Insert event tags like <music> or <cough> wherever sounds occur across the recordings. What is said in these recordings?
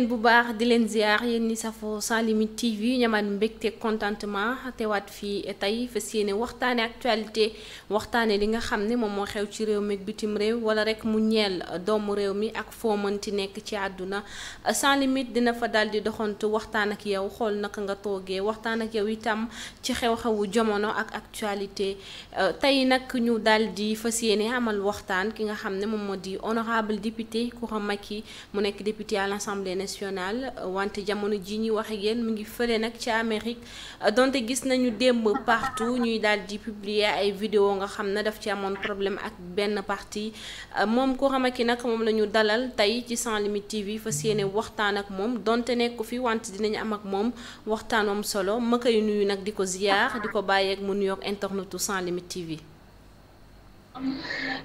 leen bu baax di leen ziar yéen ñi safoo sans limite TV ñamaat mbégte contentement teewaat fii tey fas yéene waxtaane actualité waxtaane li nga xam ne moom moo xew ci réew mi ak bitim réew wala rek mu ñeel doomu réew mi ak foo mënti nekk ci àdduna sans limite dina fa daal di doxantu waxtaan ak yow xool naka nga toogee waxtaan ak yow itam ci xew-xewu jamono ak actualité tey nag ñu daal di fa yéene amal waxtaan ki nga xam ne moom moo di honorable député Coura nationale wante jamono ji ñuy wax ak mu ngi fële nag ci Amérique donte gis nañu démb partout ñuy daal di publier ay vidéo nga xam ne daf ci amoon problème ak benn parti moom ku xamaki nag moom lañu dalal tey ci Sans Limites TV fa yéene waxtaan ak moom donte nekku fi want dinañu am ak moom waxtaan moom solo ma koy nuyu nag di ko ziyaar di ko bàyyi ak mu nuyoog internetu Sans limit TV.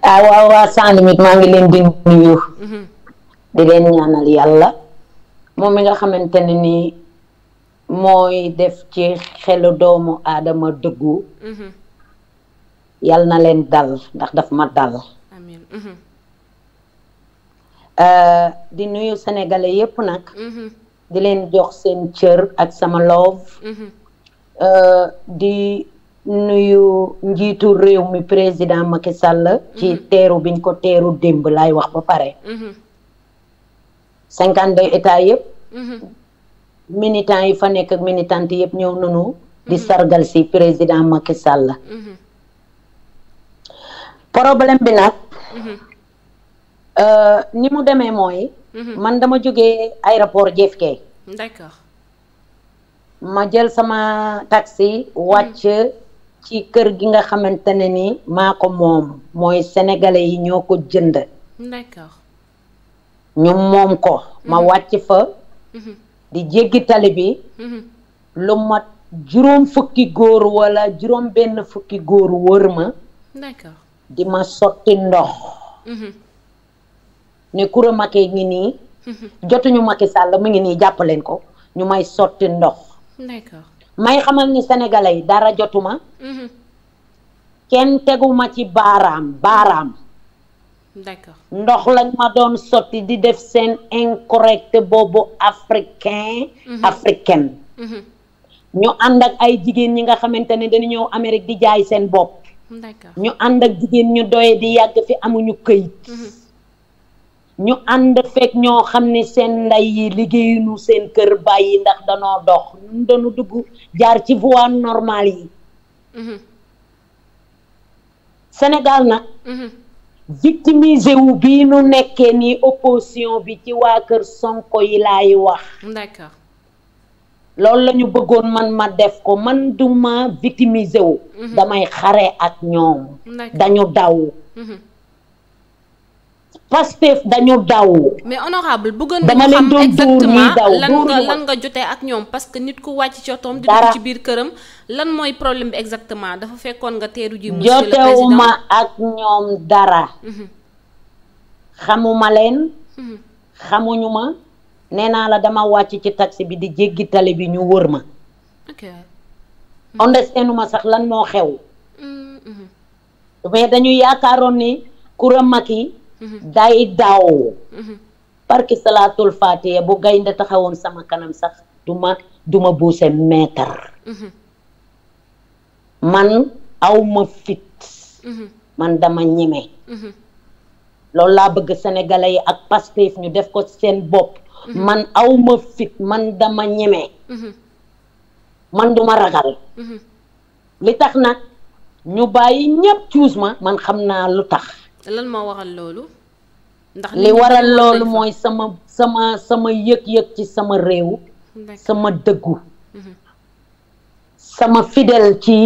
ah Sans Limites maa ngi leen di nuyu. Mhm. di leen ñaanal yàlla. moom mi nga xamante ne nii mooy def ci xelu doomu aadama dëggu mhm. yal na leen dal ndax daf ma dal mhm. euh, di nuyu sénégalais yépp nag mhm. di leen jox seen cër ak sama love euh, di nuyu njiitu réew mi président Macky Sall. ci teeru biñ ko teeru démb lay wax ba pare. cinquante deux états yëpp mhm. militants yi fa nekk ak militantes yëpp ñëw nanu di mhm. sargal si président Macky Sall mhm. problème bi nag euh, ni mu demee mooy man dama jóge aéroport JFK d'accord ma jël sama taxi wàcc ci kër gi nga xamante ne ni maa ko moom mooy sénégalais yi ñoo ko jënd ñu moom ko ma mhm. wàcc fa mhm. di jéggi tali bi mhm. lu mat juróom fukki góor wala juróom benn fukki góor wër ma d'accord di ma sotti ndox ne Coura Macky ngi nii jotuñu Macky sàll mu ngi nii jàpp leen ko ñu may sotti ndox d'accord may xamal ni sénégalais yi dara jotuma kenn teguma ci baaraam baaraam d'accord ndox lañ ma doon sotti di def seen incorrect boobu africain mhm. africaine mhm. ñu ànd ak ay jigéen ñi nga xamante ne dañu ñëw Amérique di jaay seen bopp ñu ànd ak jigéen ñu doy di yàgg fi amuñu këyit mhm. ñu ànd fekk ñoo xam ne seen ndey yi liggéeyuñu seen kër bàyyi ndax danoo dox ñun dañu dugg jaar ci voie normale yi Sénégal nag victimisé wu bii nu nekkee ni opposition bi ci waa kër Sonko yi lay wax. d'accord. loolu la bëggoon man ma def ko man duma victimisé wu. Mhm. damay xare ak ñoom. dañu daw. Mhm. Pastef dañu daw. mais honorable bëggoon dama leen doon dóor ñuy daw lan nga lan ak ñoom parce que nit ku wàcc ci otoom. di dugg ci biir këram lan mooy problème bi exactement dafa fekkoon nga teeru ji. monsieur le président jotewuma ak ñoom dara. Mhm. xamuma leen. Mhm. xamuñu ma nee naa la dama wàcc ci taxi bi di jéggi tali bi ñu wër ma. ok. Mhm. understand ma sax lan moo xew. Mm, mais dañu yaakaaroon ni kuréel mag yi Mhm. day daawoo mhm. barki salaatul faatiya bu gaynde taxawoon sama kanam sax duma duma buuse meetar mhm. man awma fit man dama ñeme loolu laa bëgg sénégalais yi ak Pastef ñu def ko seen bopp man awma fit man dama ñeme man duma ragal li tax nag ñu bàyyi ñépp cuus ma man xam naa lu tax lan moo waral loolu. ndax li waral loolu mooy sama sama sama yëg-yëg ci sama réew. sama dëggu. Mhm. sama fidèle ci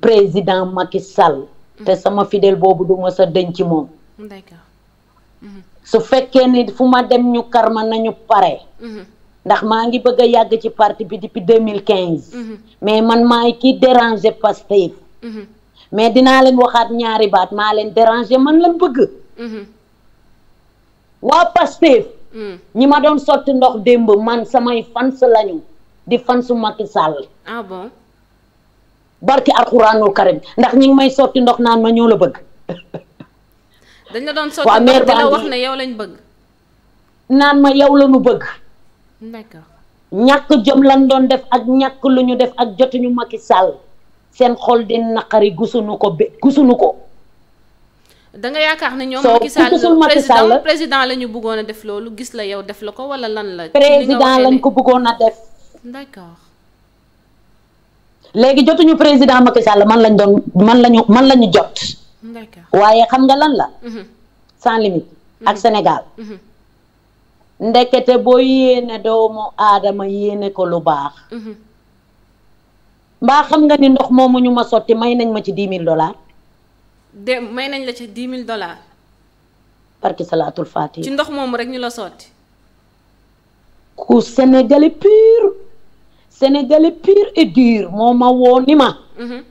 président Macky Sall. Mhm. te sama fidèle boobu du ma sa denc moom. Mhm. su fekkee ni fu ma dem ñu kar karma nañu pare. ndax maa ngi bëgg a yàgg ci parti bi depuis deux mille quinze. mais man maay ki déranger Pastef mais dinaa leen waxaat ñaari baat maa leen déranger man lañ bëgg mhm. waa Pastef mhm. ñi ma doon sotti ndox démb man samay fans lañu di fansu Macky Sall ah bon barki alxuraanul karim ndax ñi ngi may sotti ndox naan ma ñoo la bëgg <laughs> dañ la doon sotti ndox di la wax ne yow lañ bëgg naan ma yow lañu bëgg d'accord ñàkk jëm lañ doon def ak ñàkk lu ñu def ak jotuñu Macky Sall seen xol di naqari gisuñu ko be gisuñu ko. da nga yaakaar ne ñoom Macky Sall la président la ñu bëggoon a def loolu gis la yow def la ko wala lan la. président lañ ko bëggoon a def. d'accord. léegi jotuñu président Macky Sall man lañ doon man lañu man lañu jot. d'accord waaye xam nga lan la. Mhm. sans limite. Mhm. ak Sénégal. Mhm. ndekete boo yéene doomu aadama yéene ko lu baax. mbaa xam nga ni ndox moomu ñu ma sotti may nañ ma ci dix mille dollars. may nañ la ci dix mille dollars. salaatul faatiha. ci ndox moomu rek ñu la sotti. ku sénégalais pur sénégalais pur et dur ma woo ma. Mm-hmm.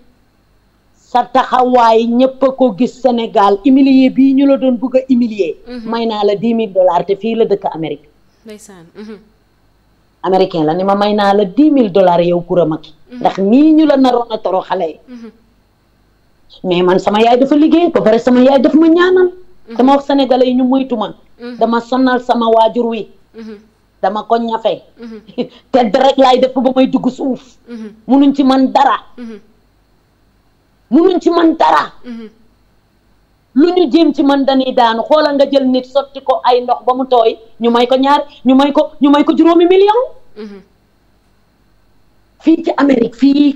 sa taxawaay ñëpp a ko gis Sénégal umilier bii ñu la doon bëgg a mm-hmm. may naa la dix mille te fii la dëkk Amérique. ndeysaan. Mm-hmm. américain la ni ma may naa la dix mille dollars yow Coura Macky. Mhm. ndax nii ñu la naroon a toro xale yi mhm. mais man sama yaay dafa liggéey ba pare sama yaay daf ma ñaanal mhm. dama wax sénégalais yi ñu moytu ma dama sonal sama waajur wi dama ko ñafe <laughs> tedd rek laay def ba may dugg suuf munuñ ci man dara munuñ ci man dara lu ñu jéem ci man dañuy daanu xoola nga jël nit sotti ko ay ndox ba mu tooy ñu may ko ñaar ñu may ko ñu may ko juróomi million fii ci Amérique fii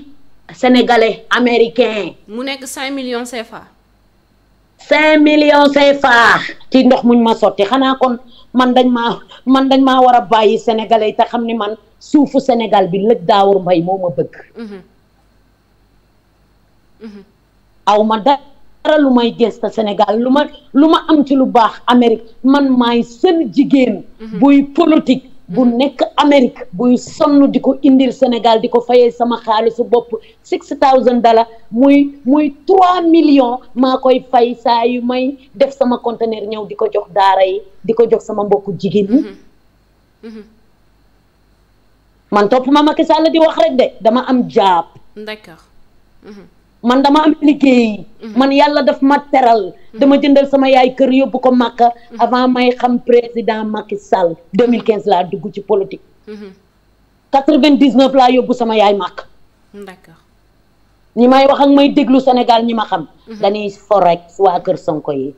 sénégalais américain. mu nekk cinq millions CFA. cinq millions CFA. ci ndox muñ ma sotti xanaa kon man dañ maa man dañ maa war a bàyyi sénégalais te xam ni man suufu Sénégal bi lëg daawur mbay moo ma bëgg. Mhm. Mhm. aw dara lu may gëstu Sénégal lu ma lu ma am ci lu baax Amérique man maay seen jigéen. Mhm. buy politique. bu nekk Amérique buy sonn di ko indil Sénégal di ko fayee sama xaalisu bopp six thousand dollars muy muy trois millions maa koy fay saa yu may def sama conteneur ñëw di ko jox daara yi di ko jox sama mbokku jigéen ñi. Mm-hmm. Mm-hmm. man topp ma Macky Sall di wax rek de dama am jaab. d'accord. Mm-hmm. man dama am liggéey mhm. man yàlla daf ma teral mhm. dama jëndal sama yaay kër yóbbu ko Màkka mhm. avant may xam président Macky mille 2015 laa dugg ci politique 99 laa yóbbu sama yaay Màkka d'accord ñi may wax ak may déglu Sénégal ñi ma xam dañuy forex waa kër Sonko yi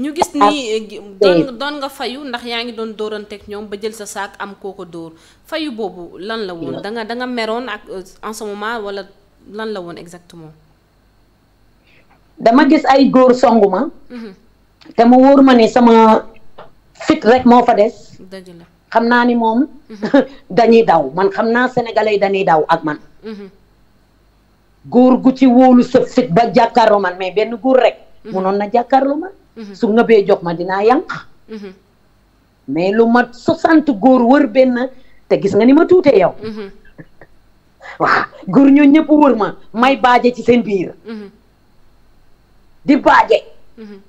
ñu gis ni eh, doon nga fayu ndax yaa ngi doon dóoranteeg ñoom ba jël sa saak am koo ko dóor fayu boobu lan la woon da nga meroon ak euh, en ce moment wala lan la woon exactement dama gis ay góor songu ma mhm. te mu wóor ma ni sama fit rek moo fa des xam naa ni moom mhm. <laughs> dañuy daw man xam naa sénégalais yi dañuy daw ak man mhm. góor gu ci wóolu sa fit ba jàkkaarloo man mais benn góor rek munoon na jàkkaarloo ma su nga jox ma dinaa yànq mais lu ma sant góor wër benn te gis nga ni ma tuutee yow <laughs> waaw góor ñoo ñëpp wër ma may baaje ci seen biir di baaje mm-hmm.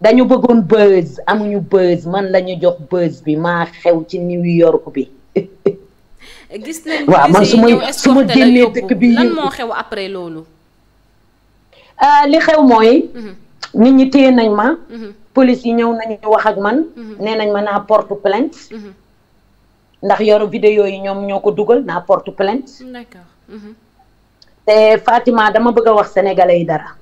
dañu bëggoon buzz amuñu buzz man la ñu jox buzz bi maa xew ci New York bi. <laughs> waaw man su ma su ma génnee dëkk bi lan xew après loolu. Euh, li xew mooy. Mm-hmm. nit ñi téye nañ ma. Mm-hmm. police yi ñëw nañu wax ak man. nee nañ ma naa porte plainte. ndax yoru vidéo yi ñoom ñoo ko dugal naa porte plainte. d'accord. te Fatima dama bëgg a wax sénégalais yi dara.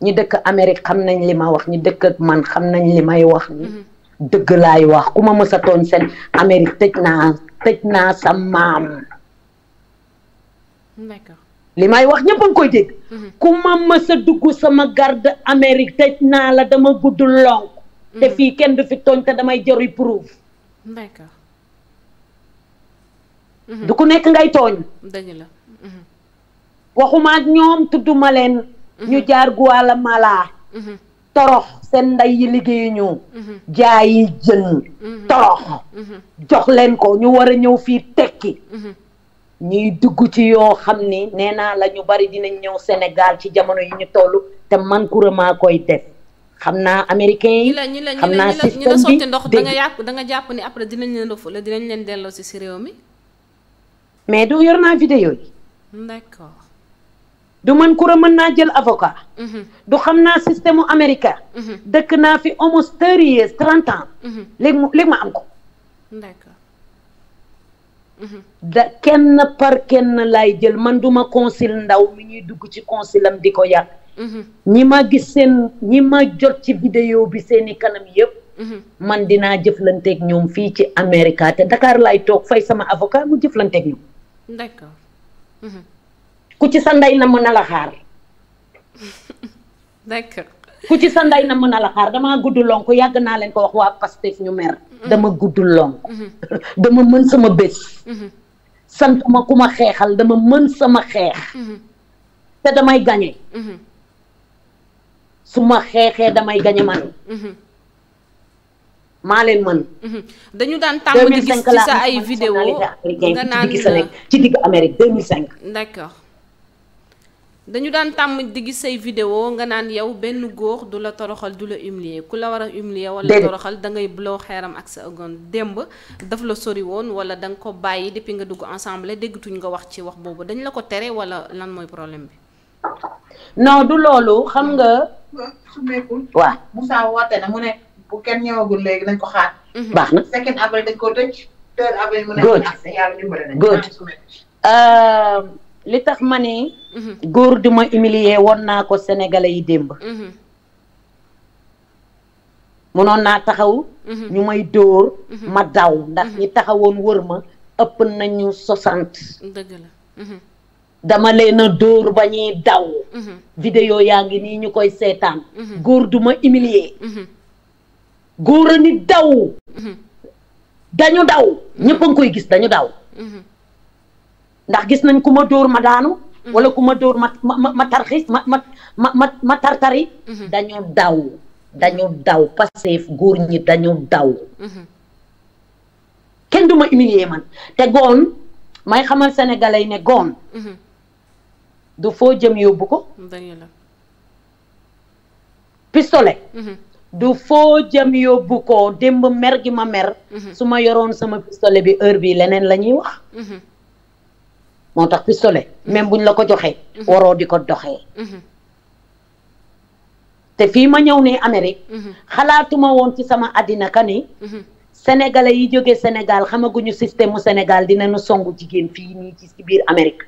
ñi dëkk Amérique xam nañ li ma wax ñi dëkk ak man xam nañ li may wax ni mhm. dëgg laay wax ku ma mës a tooñ seen Amérique tëj naa tëj naa sa maam. li may wax ñëpp a ngi koy dégg. Mhm. ku ma mës dugg sama garde Amérique tëj naa la dama gudd lonk. Mhm. te fii kenn du fi tooñ te damay jëri proof. du ku nekk ngay tooñ. dëgg la. waxuma ak leen. Mhm. ñu jaar Guatemala mhm. torox seen ndey yi liggéeyu ñu mhm. jaayi jën torox jox leen ko ñu war a ñëw fii tekki ñuy dugg ci yoo xam ni nee naa la ñu bari dinañ ñëw Sénégal ci jamono yi ñu toll te man kuréemaa koy def xam naa américain yi xam naa système bi ñi la ndox da yàpp da nga jàpp ni après dinañ leen rëfu la dinañ leen delloo si si réew mi mais du yor naa vidéo yi du man kura mën naa jël avocat. Mhm. du xam naa système mu américain. Mhm. dëkk naa fi almost thirty years mhm. léegi ma am ko. da kenn par kenn lay jël man duma consul ndaw mi ñuy dugg ci consulam di ko yàq. ñi ma gis seen ñi ma jot ci vidéo bi seeni kanam yëpp. man dinaa jëflanteeg ñoom fii ci Amérique te Dakar laay toog fay sama avocat mu jëflanteeg ñoom. ku ci sa ndey na mën a la xaar. <laughs> ku ci sa ndey na mën a la xaar damaa gudd lonk yàgg naa leen ko wax waa Pastef ñu mer. Mhm. dama gudd lonk. Mhm. <laughs> dama mën sama bés. Mhm. sant ma ku ma xeexal dama mën sama xeex. te damay gañe. su ma xeexee damay gañe man. maa leen mën. dañu daan tàmm di gis ci sa ay vidéo ci digg Amérique 2005. d'accord. dañu daan tàmm di gis say vidéo nga naan yow benn góor du la toroxal du la humilier ku la war a humilier wala toroxal da ngay blow xeeram ak sa ogon démb daf la sori woon wala da ko bàyyi depuis nga dugg ensemble déggatuñ nga wax ci wax boobu dañ la ko tere wala lan mooy problème bi non du loolu xam nga su waaw Moussa woote na mu ne bu kenn ñëwagul léegi nañ ko xaar mhm. baax na second avril dañ ko tëj third good ah, li tax ma ne. Mhm. góor di ma humilier woon naa ko sénégalais yi démb. mënoon mhm. naa taxaw. Mhm. ñu may dóor. ma daw ndax ñi taxawoon wër ma ëpp nañu soixante. dama leen dóor ba ñuy daw. vidéo yaa ngi nii ñu koy seetaan. góor du ma humilier. góor a ni daw. dañu daw ñëpp a koy gis dañu daw. ndax gis nañ ku ma dóor ma daanu. Mhm. wala ku ma dóor ma ma tarxis ma ma ma tartari. Mhm. dañu daw dañu daw Pastef góor ñi dañu daw. Mhm. kenn du ma humilier man te goon may xamal sénégalais yi ne goon. du foo jëm yóbbu ko. pistolet. du foo jëm yóbbu ko démb mer gi ma mer. su ma yoroon sama pistolet bi heure bi leneen lañuy wax. moo tax pistolet bu ñu la ko joxee mhm. waroo di ko doxee mhm. te fii ma ñëw ne Amérique mhm. xalaatuma woon ci sama àddina ka ni sénégalais yi jógee Sénégal xamaguñu système mu Sénégal dinañu songu jigéen fii nii ci biir Amérique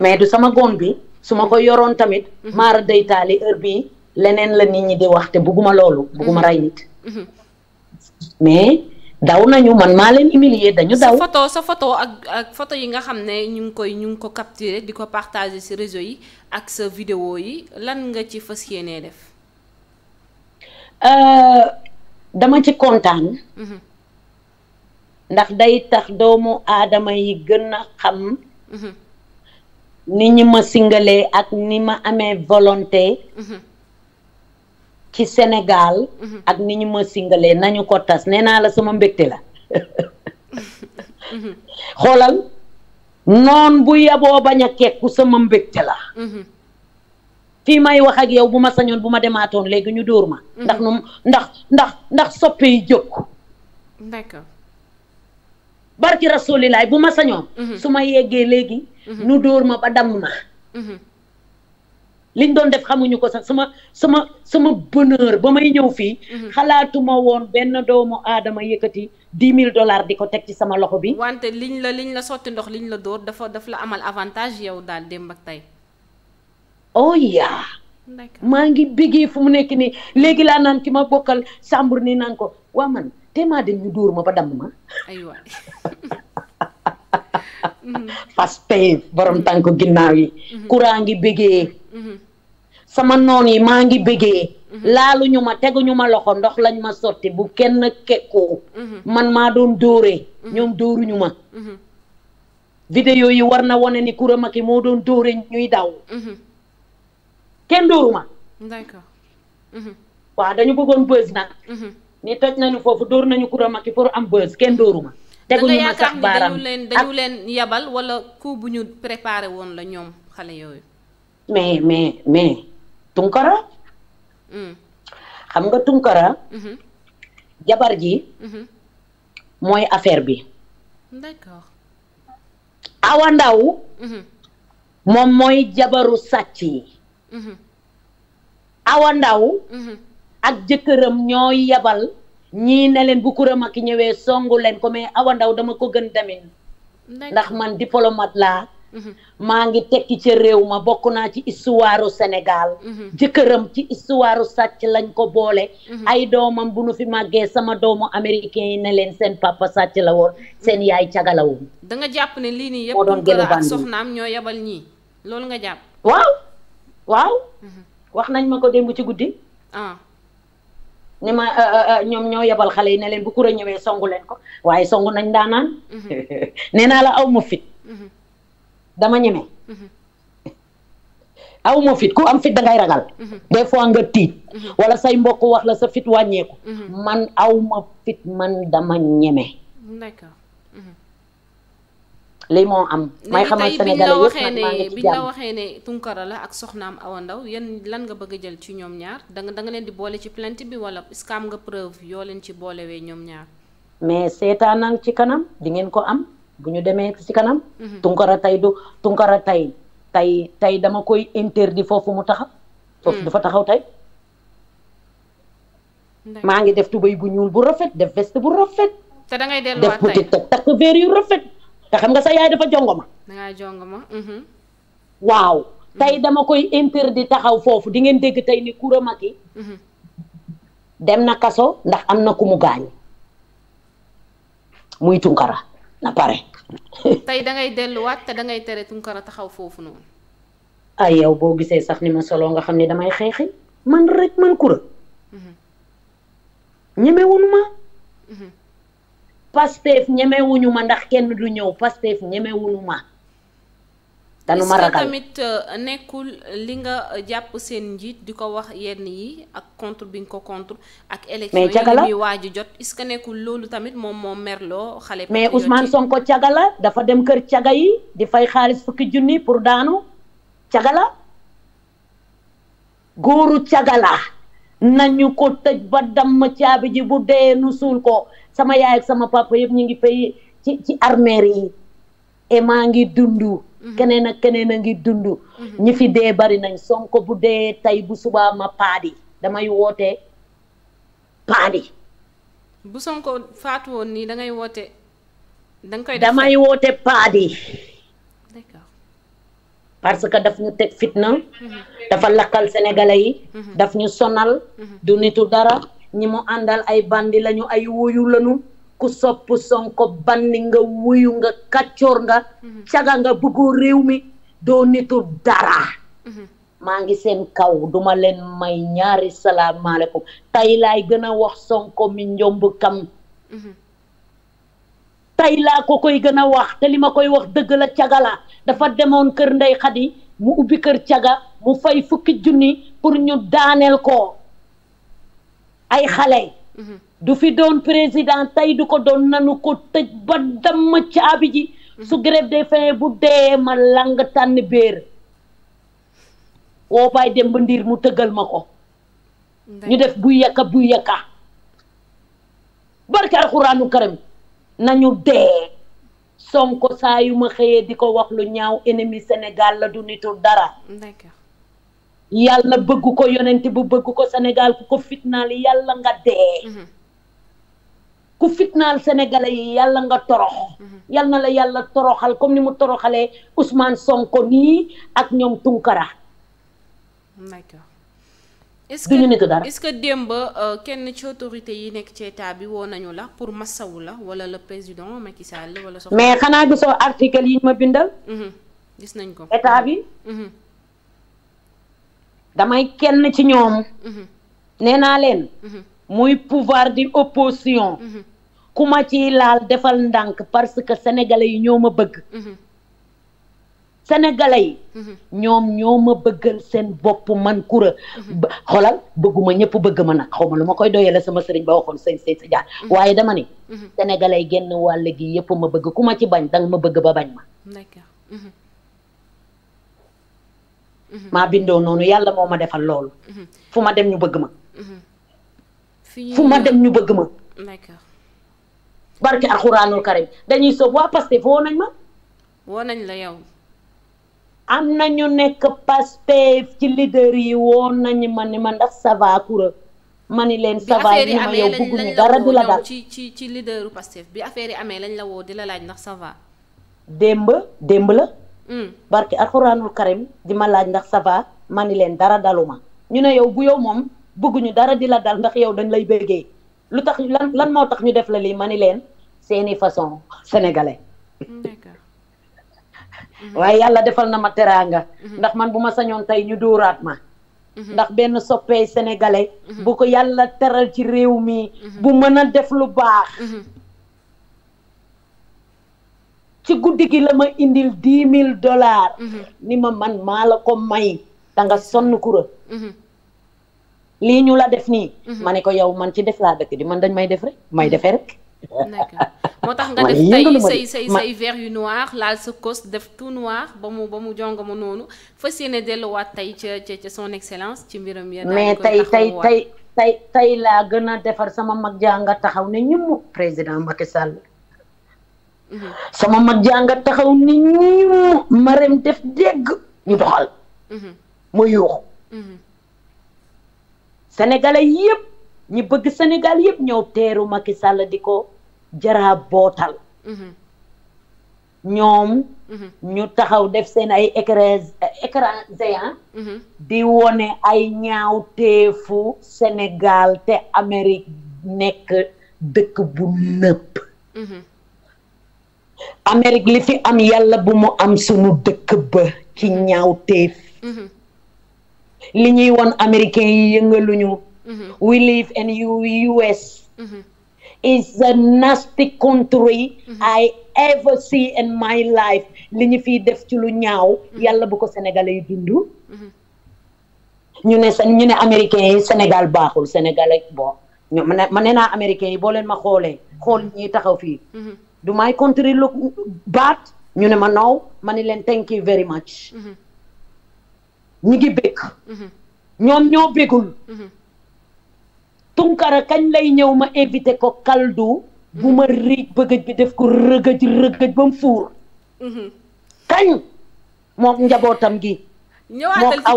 mais du sama goon bi su ma ko yoroon tamit maara day taali heure bii leneen la nit ñi di wax te bugguma loolu bugguma rey nit mais daw nañu man maa leen humilier dañu daw. sa photo sa photo ak ak yi nga xam ne ñu ngi koy ñu ngi ko capturer di ko partager si réseau yi ak sa video yi lan nga ci fas yéenee def. Euh, dama ci kontaan. Mhm. ndax day tax doomu aadama yi gën a xam. Mhm. ni ñi ma singalee ak ni ma amee volonté. Mhm. ci Sénégal. Mhm. ak ni ñu ma singalee nañu ko tas nee naa la sama mbégte la. Mhm. xoolal noon bu yaboo bañ a kekku sama mbégte la. Mhm. fii may wax ak yow bu ma sañoon bu ma demaatoon léegi ñu dóor ma. ndax ndax ndax ndax soppe jóg. barki rasulilaay bu ma sañoon. su ma yeggee léegi. ñu dóor ma ba damm ma. liñ doon def xamuñu ko sax sama sama sama bonheur ba may ñëw fii. Mhm. xalaatuma woon benn doomu aadama yëkkati dix mille dollars di ko teg ci sama loxo bi. wante liñ la liñ la sotti ndox liñ la dóor dafa daf la amal avantage yow daal démb ak tey. oh yaa maa ngi béggee fu mu nekk nii léegi laa naan ki ma bokkal sàmbur ni naan ko waa man te maa dem ñu dóor ma ba damm ma. aywa. <laughs> Mhm. fas borom tànk ginnaaw yi. Mhm. courant ngi béggee. Mm-hmm. sama noon yi maa ngi bëggee mm-hmm. laaluñu ma teguñu ma loxo ndox lañ ma sotti bu kenn kekkoo mm-hmm. man maa doon dóoree ñoom dóoruñu ma vidéo yi war na wane ni Coura Macky moo doon dóore ñuy daw kenn dóoru ma d'accord waaw dañu bëggoon buzz nag ni toj nañu foofu dóor nañu Coura Macky pour am buzz kenn dóoru ma teguñu ma sax baaraam dañu leen dañu leen yabal wala coup bu ñu préparé woon la ñoom xale yooyu mais mais mais Tunkara. Mm. xam nga Tunkara. Mm-hmm. jabar ji. Mm-hmm. mooy affaire bi. d'accord. Awa mm-hmm. moom mooy jabaru sàcc yi. Awa ak jëkkëram ñooy yabal. ñii ne leen bu kuram ak ñëwee songu leen ko mais awandaw dama ko gën demin. ndax man diplomate laa. Mm-hmm. maa ngi tekki ca réew ma bokk naa ci histoire Sénégal mm-hmm. jëkkëram ci histoire sàcc lañ ko boole mm-hmm. ay doomam bu nu fi màggee sama doomu americain yi ne leen seen papa sàcc la woon seen yaay cagalawoon da nga jàpp ne lii nii yëpp moo doon gën a ak soxnaam ñoo yebal ñii loolu nga jàpp waaw waaw wax nañ ma ko dem démb ci guddi ah ni ma ah, ah, ah, ñoom ñoo yebal xale yi ne leen bu kur ñëwee songu leen ko waaye songu nañ daanaan <laughs> nee naa la aw fit dama ñeme. Mhm. aw ma fit ku am fit da ragal. Mhm. des nga tiit. Mhm. wala say mbokk wax la sa fit wàññeeku. man aw ma fit man dama ñeme. d'accord. lii moo am. may xamal Sénégalais yëpp man maa waxee ne Tunkara la ak soxnaam Awa Ndaw yan lan nga bëgg jël ci ñoom ñaar da nga da leen di boole ci plant bi wala est am nga preuve yoo leen ci boolewee ñoom ñaar. mais seetaanal ci kanam di ngeen ko am. bu ñu demee ci kanam. Mhm. Tunkara tey du Tunkara tey tey tey dama koy interdit foofu mu taxaw. foofu mhm. du fa taxaw tey. maa ngi def tubéy bu ñuul bu rafet def veste bu rafet. te da ngay delluwaat tey def takk verre yu rafet. te xam nga sa yaay dafa jongoma. da mhm. waaw tey dama koy interdit taxaw foofu di ngeen dégg tey ni Coura Macky. dem na kaso ndax am na ku mu gaañ. muy Tunkara na pare. tey da ngay delluwaat te da ngay tere a taxaw foofu noonu. ay yow boo gisee sax ni ma solo nga xam ne damay xeexi man rek man kura. Mhm. ñemewuñu ma. Mhm. Pastef ñemewuñu ma ndax kenn du ñëw Pastef ñemewuñu ma. danu ma ragal tamit euh, nekkul li nga euh, jàpp seen njiit di ko wax yenn yi ak contre bi nga ko contre ak élection yi muy waaj jot est-ce que nekkul loolu tamit moom moom merloo xale mais Ousmane Sonko ko la dafa dem kër caga yi di fay xaalis fukki junni pour daanu caga la góoru caga la nañu ko tëj ba damm caabi ji bu dee nu suul ko sama yaay ak sama papa yëpp ñu ngi fay ci ci armeer yi et maa ngi dundu Mm-hmm. keneen ak keneen a ngi dund mm-hmm. ñi fi dee bari nañ Sonko bu dee tey bu subaa ma paadi damay woote paadi bu Sonko faatu nii dangay woote danga koy damay woote paadi d'accord parce que daf ñu teg fitna mm-hmm. dafa lakkal sénégalais yi daf ñu sonal du nitu dara ñi mu àndal ay bandi lañu ay wuyu lañu ku sopp Sonko banni nga wuyu nga kàccoor nga mhm. caga nga bëggoo réew mi doo nitu dara mhm. maa ngi seen kaw duma leen may ñaari salaamaaleykum tey laay gën a wax Sonko mi njomb kam mhm. tey laa ko koy gën a wax te li ma koy wax dëgg la caga la dafa demoon kër ndey xadi mu ubbi kër caga mu fay fukki junni pour ñu daaneel ko ay xale du fi doon président tey du ko doon nanu ko tëj ba damm caabi ji mhm. su grève des faim bu dee ma lang tànn béer woo bàyyi dem ba ndiir mu tëggal ma ko ñu def bu yàkka bu yàkka barke alxuraanu karam nañu dee Sonko ko yu ma xëyee di ko wax lu ñaaw ennemi Sénégal la du nitu dara yàlla bëgg ko yonent bu bëgg ko Sénégal ku ko fitnaal yàlla nga dee mhm. ku fitnaal sénégalais yi yàlla nga torox mm-hmm. yal na la yàlla toroxal comme ni mu toroxalee Ousmane Sonko nii ak ñoom Tunkara d'accord est-ce que nekk dara est-ce que démb euh, kenn ci autorité yi nekk ci état bi woo nañu la pour massawu la wala le président Macky Sall wala soxna mais xanaa gisoo article yi ñu ma bindal mm-hmm. gis nañ ko état bi mm-hmm. damay kenn ci ñoom nee leen muy pouvoir di opposition ku ma ci laal defal ndànk parce que sénégalais yi ñoo ma bëgg mhm. sénégalais yi mhm. ñoom ñoo ma bëggal seen bopp man kura mhm. xolal bëgguma ñëpp bëgg ma nag xaw ma lu ma koy doyale sama sëriñ ba waxoon sëñ sëñ sa jaar waaye dama ni sénégalais yi genn wàll gi yëpp ma bëgg ku ma ci bañ danga ma bëgg ba bañ ma maa bindoo noonu yàlla moo ma defal loolu fu ma dem ñu bëgg ma fu ma dem ñu bëgg ma barke alxuraanul karim dañuy soob waa Pastef woo nañ ma. woo nañ la yow. am na ñu nekk Pastef ci leader yi woo nañ ma ni ma ndax ça va ma ni leen ça va ñu ma yow la dal ci ci ci leaderu Pastef bi affaire yi amee lañ la woo di la laaj ndax ça démb démb la. Mm. barke alxuraanul karim di ma laaj ndax ça va ma ni leen dara daluma ñu ne yow bu yow moom bëgguñu dara di la dal ndax yow dañ lay bëggee. lu tax lan lan moo tax ñu def la lii ma ni leen seeni façon sénégalais <laughs> waaye yàlla defal na ma teraanga mhm. ndax man bu ma sañoon tey ñu dóoraat ma mhm. ndax benn soppeey sénégalais mhm. bu ko yàlla teral ci réew mi bu mën a def lu baax ci guddi gi la ma indil dix mille dollars ni ma man maa la ko may da sonn kura lii ñu la def nii. Mhm. ma ne ko yow man ci def laa dëkk di man dañ may def rek may mhm. defee rek. moo tax nga <laughs> def tey say yu noir laal sa kos def tout noir ba mu ba mu jonga ma noonu fas ne delluwaat tey ca ca ca son excellence ci mbiram ya mais tey tey tey tey tey laa gën a defar sama mag jànga taxaw ne ñum président Macky Sall. Mhm. sama mag jànga taxaw ne ñum marem def dégg ñu doxal. mu yuuxu. sénégalais yëpp ñi bëgg Sénégal yëpp ñëw teeru Macky Sall di ko jaraa bootal mhm. ñoom mhm. ñu taxaw def seen ay écran écran mhm. di wone ay ñaawteefu Sénégal te Amérique nekk dëkk bu nëpp Amérique li fi am yàlla bu mu am sunu dëkk ba ci ñaawteef li ñuy won américain yi yëngaluñu mm-hmm. we live in US mm-hmm. is the nasty country mm-hmm. I ever see in my life li ñu fii def ci lu ñaaw yàlla bu ko sénégalais yi dund ñu ne seen ñu ne américain yi senegal baaxul sénégalais bon ño ma ne ma naa américain yi boo leen ma xoolee xool ñuy taxaw fii du may country lu baat ñu ne ma now ma ni leen thank you very much ñi ngi bég mm-hmm. ñoom ñoo bégul mm-hmm. Tunkara kañ lay ñëw ma invité ko kaldu bu ma mm-hmm. riij bëggëj bi def ko rëgëj rëgëj ba mu fuur kañ njabootam gi ñëwaatal ci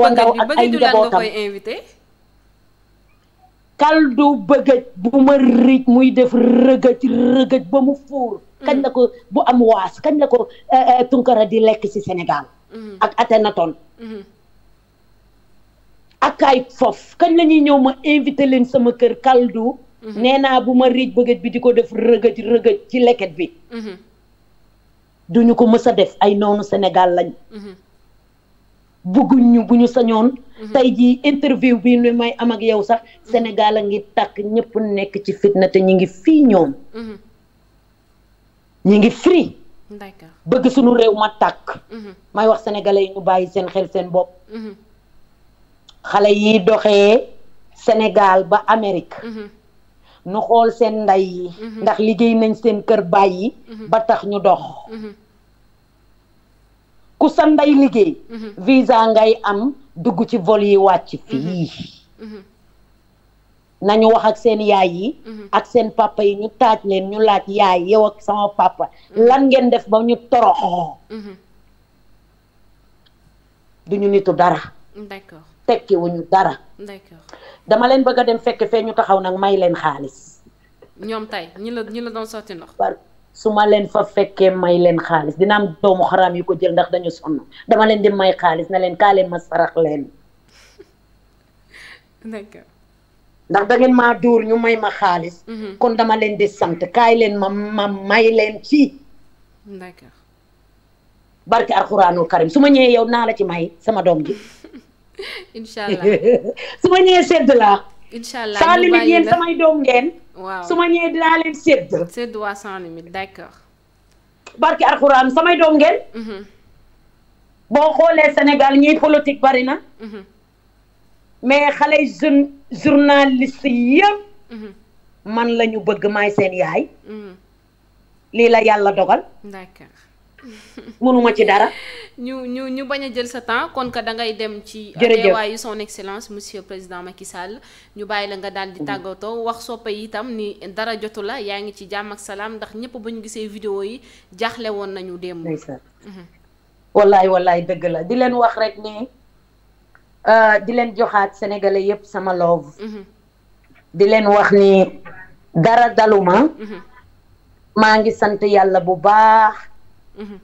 muy def rëgëj kañ la ko bu am waas kañ la ko eh, eh, Tunkara di lekk ci Sénégal ak Akhenaton kaay foofu kañ lañuy ñëw ma invité leen sama kër kaldu mhm. nee naa bu ma riij bëggat bi di ko def rëgëj rëgëj ci leket bi mhm. duñu ko mës a def ay noonu Sénégal lañ mhm. bëgguñ ñu bu ñu sañoon tey jii interview bi lu may am ak yow sax Sénégal a ngi takk ñëpp nekk ci fitna te ñu ngi fii ñoom ñu ngi free bëgg sunu réew ma tàkk may wax sénégalais yi ñu bàyyi seen xel seen bopp xale yi doxee senegaal ba Amérique mhm. nu xool seen ndey yi mhm. ndax liggéey nañ seen kër baay yi mhm. ba tax ñu dox ku sa ndey liggéey visa ngay am dugg ci vol yi wàcc fii nañu wax ak seen yaay yi ak seen papa yi ñu taaj leen ñu laaj yaay yow ak sama papa lan ngeen def ba ñu torox duñu nitu dara tekkiwuñu dara. dama leen bëgg a dem fekk fee ñu taxaw nag may leen xaalis. ñoom tey ñi la ñi la doon sotti ndox. su ma leen fa fekkee may leen xaalis dina am doomu xaraam yu ko jël ndax dañu sonn dama leen di may xaalis na leen kaa leen ma sarax leen. <laughs> d'accord ndax da maa dóor ñu may ma xaalis. Mhm. kon dama leen di sant kaay leen ma ma may leen ci. d'accord barke alxuraanul karim su ma ñëwee yow naa la ci may sama doom ji. <laughs> <laughs> incha <laughs> su ma ñëwee sedd laa. incha allah sans limite yéen samay doom ngeen. waaw su ma ñëwee dinaa sedd. sedd waa sans limite d'accord. barki alxuraan samay doom ngeen. Mhm. boo xoolee Sénégal ñuy politique bari na. Mhm. mais xale yi jour journaliste yëpp. Mhm. man la bëgg maay seen yaay. lii la yàlla dogal. mënuma ci dara. ñu ñu ñu bañ a jël sa temps kon que da ngay dem ci. jërëjëf teewaayu son excellence monsieur président ma ki Sall. ñu bàyyi la nga daal di tàggatoo wax soppe yi itam ni dara jotu la yaa ngi ci jàmm ak salaam ndax ñëpp bu ñu gisee vidéo yi jaaxle woon nañu démb. Mhm. wallaay wallaay dëgg la di leen wax rek ni euh, di leen joxaat sénégalais yépp sama love. Mhm. di leen wax ni dara daluma. Mhm. maa ngi sant yàlla bu baax.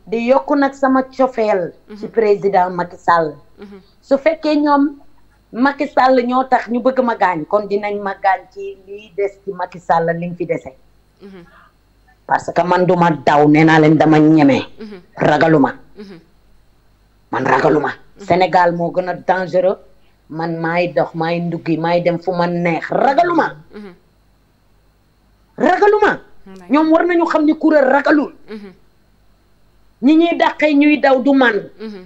di yokk nag sama cofeel ci mhm. président Macky mhm. su fekkee ñoom Macky Sall ñoo tax ñu bëgg ma gaañ kon dinañ ma gaañ ci lii des ci Macky liñ fi desee mhm. parce que man duma daw nee naa leen dama ñeme ragaluma man ragaluma Sénégal moo gën a dangereux man maay dox maay nduggi maay dem fu ma neex ragaluma ragaluma ñoom war nañu xam ni kuréel ragalul ñi ñuy dàqee ñuy daw du man mm-hmm.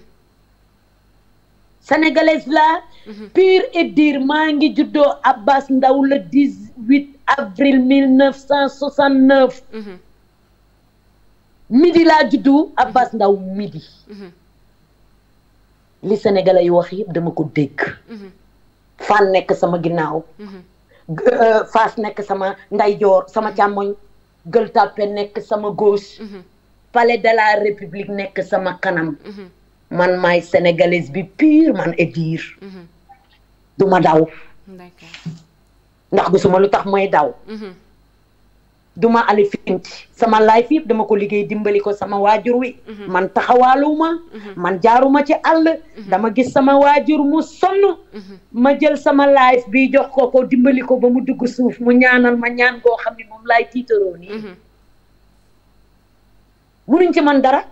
sénégalaise la mm-hmm. pure et dire maa ngi juddoo Abbas Ndao le 18 avril 1969 mm-hmm. midi laa juddu Abbas Ndao midi li sénégalais wax yëpp dama ko dégg fan sama ginnaaw euh, faas nekk sama ndeyjoor sama càmmoñ Gueule Tapée nekk sama gauche palais de la république nekk sama kanam mhm. man maay sénégalaise bi pure man et dire mhm. ma daw ndax gisuma lu tax mooy daw mhm. duma ale sama life yëpp dama ko liggéey dimbali ko sama waajur wi man taxawaaluma man jaaruma ci àll dama gis sama waajur mu sonn ma jël sama life bi jox ko ko dimbali ko ba mu dugg suuf mu ñaanal ma ñaan goo xam ne moom laay tiitaroo mënuñ ci mën dara.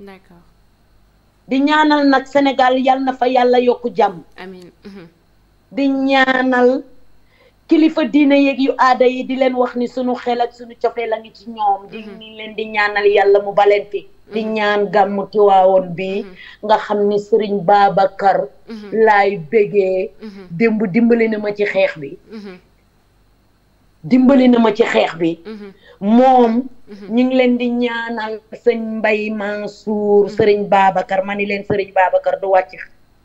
d'accord di ñaanal nag Sénégal yal na fa yàlla yokk jàmm. amiin. Mhm. di ñaanal kilifa diine yeeg yu aada yi di leen wax ni sunu xel ak sunu cofee la ci ñoom. di mhm. ñu leen di ñaanal yàlla mu baleen fi. Mhm. di ñaan gàmmu Tiwaawoon bi nga xam ni sëriñ Babacar. laay bégee. démb dimbali na ma ci xeex bi. dimbali na ma ci xeex bi mhm. moom mhm. ñu ngi leen di ñaanal sëñ Mbay Mansour mhm. sëriñ Babacar ma ni leen sëriñ Babacar du wàcc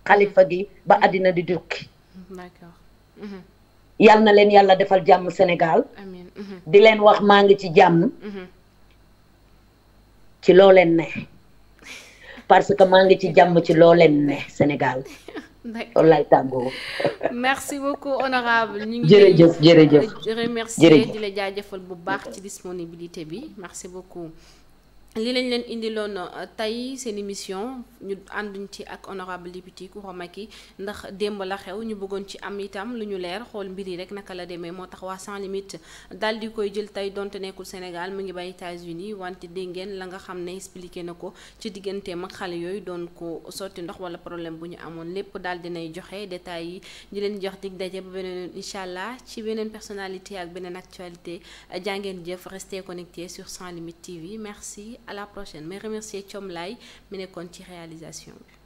xalifa gi ba àddina di dukki yal na leen yàlla defal jàmm Sénégal di leen wax maa ngi ci jàmm ci loo leen ne <laughs> parce que maa ngi ci jàmm ci loo leen ne Sénégal <laughs> loolu laay tàggoo. merci beaucoup honorable ñu ngi jërëjëf jërëjëf remercier di la jaajëfal bu baax ci disponibilité bi merci beaucoup. li lañ leen indiloon euh, tey seen émission ñu ànduñ ci ak honorable député Coura ki ndax démb la xew ñu bëggoon ci am itam lu ñu leer xool mbir yi rek naka la demee moo tax waa sans limite daal di koy jël tey donte nekkul Sénégal mu ngi bay États-Unis wante dégg la nga xam ne expliqué na ko ci digganteem ak xale yooyu doon ko sotti ndox wala problème bu ñu amoon lépp daal dinay joxe détails yi di leen jox dig daje ba beneen incha allah ci beneen personnalité ak beneen actualité jàngeen jëf restez connecté sur sans limite TV merci. à la prochaine mais remercier Thiom Laye mi nekkoon ci réalisation bi